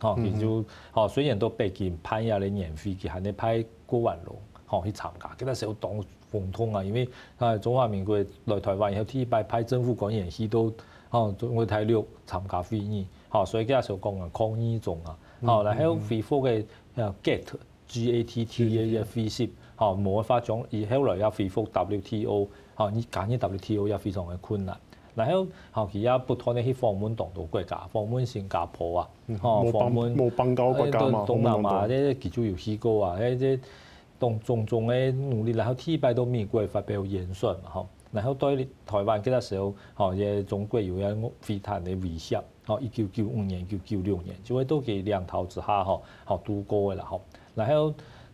嚇，佢就嚇，雖然到北京派一啲人飛機，係你派郭文龍，嚇去參加，記得時候當總統啊，因為啊，中華民國來台灣，然後一拜派政府官員去到哦，中國大陸參加會議，嚇，所以佢也想講啊，抗議中啊，嚇，然後回覆嘅 get GATT a 嘅費息，嚇冇、嗯、哼 法講，而後來又回覆 WTO，嚇，你揀啲 WTO 也非常嘅困難。然後，後期一撥的啲起訪問，東歐國家，訪問新加坡啊，哦、嗯，訪問、啊、東南亞呢啲地區嘅國家啊，呢啲種種的努力，然後貼近到美國發表演說。嘛，吼，然後，對台灣，嗰個時候，哦，亦仲繼續有飛彈的威脅。哦，一九九五年、一九九六年就會都幾兩頭之下，吼，好多個啦，吼，然後。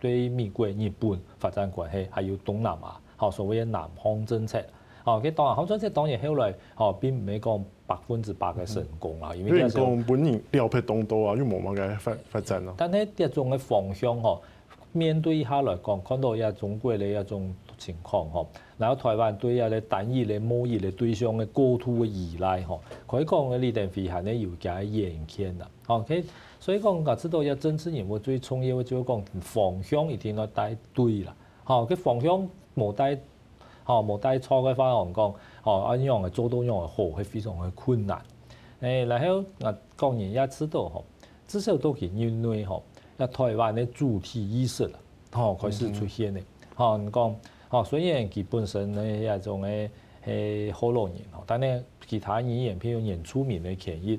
對美國、日本發展關係，還有東南亞，所謂的南方政策。哦，佢當南好彩，即係當然後來，哦並唔係講百分之百的成功啦。嗯嗯，因為講本年料劈動多啊，因為冇辦法發展咯、啊。但係呢種嘅方向哦，面對下來講，看到一中國的一種情況哈，然後台灣對一啲單一的、某一的對象的高度的依賴哈，可以講嘅呢點非常之有啲危險啦。哦，佢、okay. 所以講，嗱，知道真正業務最重要，就是講方向一定要帶對啦。哦，佢方向冇帶，哦冇帶錯嘅方向講，哦一樣誒，做多樣誒，貨會非常誒困難。誒、欸，然後，啊，講，人家知道，吼，至少都係因為吼，一台灣誒，主體意識啦，哦開始出現嘅。哦、嗯嗯，你講，哦，雖然佢本身咧一種嘅誒好多年，吼、那個，但咧其他語院，譬如講出名嘅企業。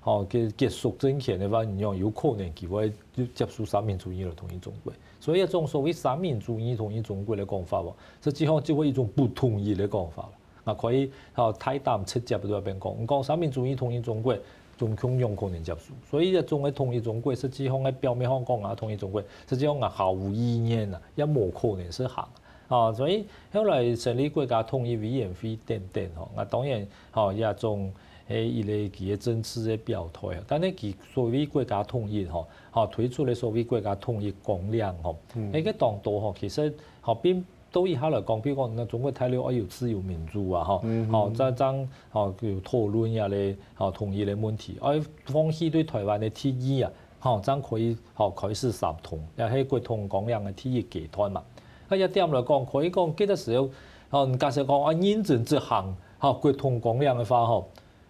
吼，佢接、哦、束的，之前嘅話，你講有可能佢會接觸三民主義來統一中國，所以一種所謂三民主義統一中國嘅講法喎，實際上只係一種不同意嘅講法啊可以，吼，太、哦、大唔切接，不如變講唔講三民主義統一中國，中共有可能接受。所以一種嘅統一中國，實際上喺表面上講啊統一中國，實際上啊毫無意義啊，也冇可能是行。啊、哦、所以後來成立國家統一委員會等等，吼，啊當然，哦也仲。誒，依類其嘅政策嘅表態，等咧，其所謂國家統一吼，吼推出嚟所謂國家統一綱領吼，迄個當道吼，其實吼，邊對以下來講，比如講咱中國大陸愛有自由民主啊，嚇、嗯哼，吼，真，嚇吼，討討論遐咧，吼，統一誒問題，愛放棄對台灣誒敵意啊，吼，真可以吼，開始三通，又迄國統綱領誒敵意集團嘛。啊，一點來講，可以講覺得候吼，毋敢說講，啊，認真執行吼，國統綱領誒話，吼。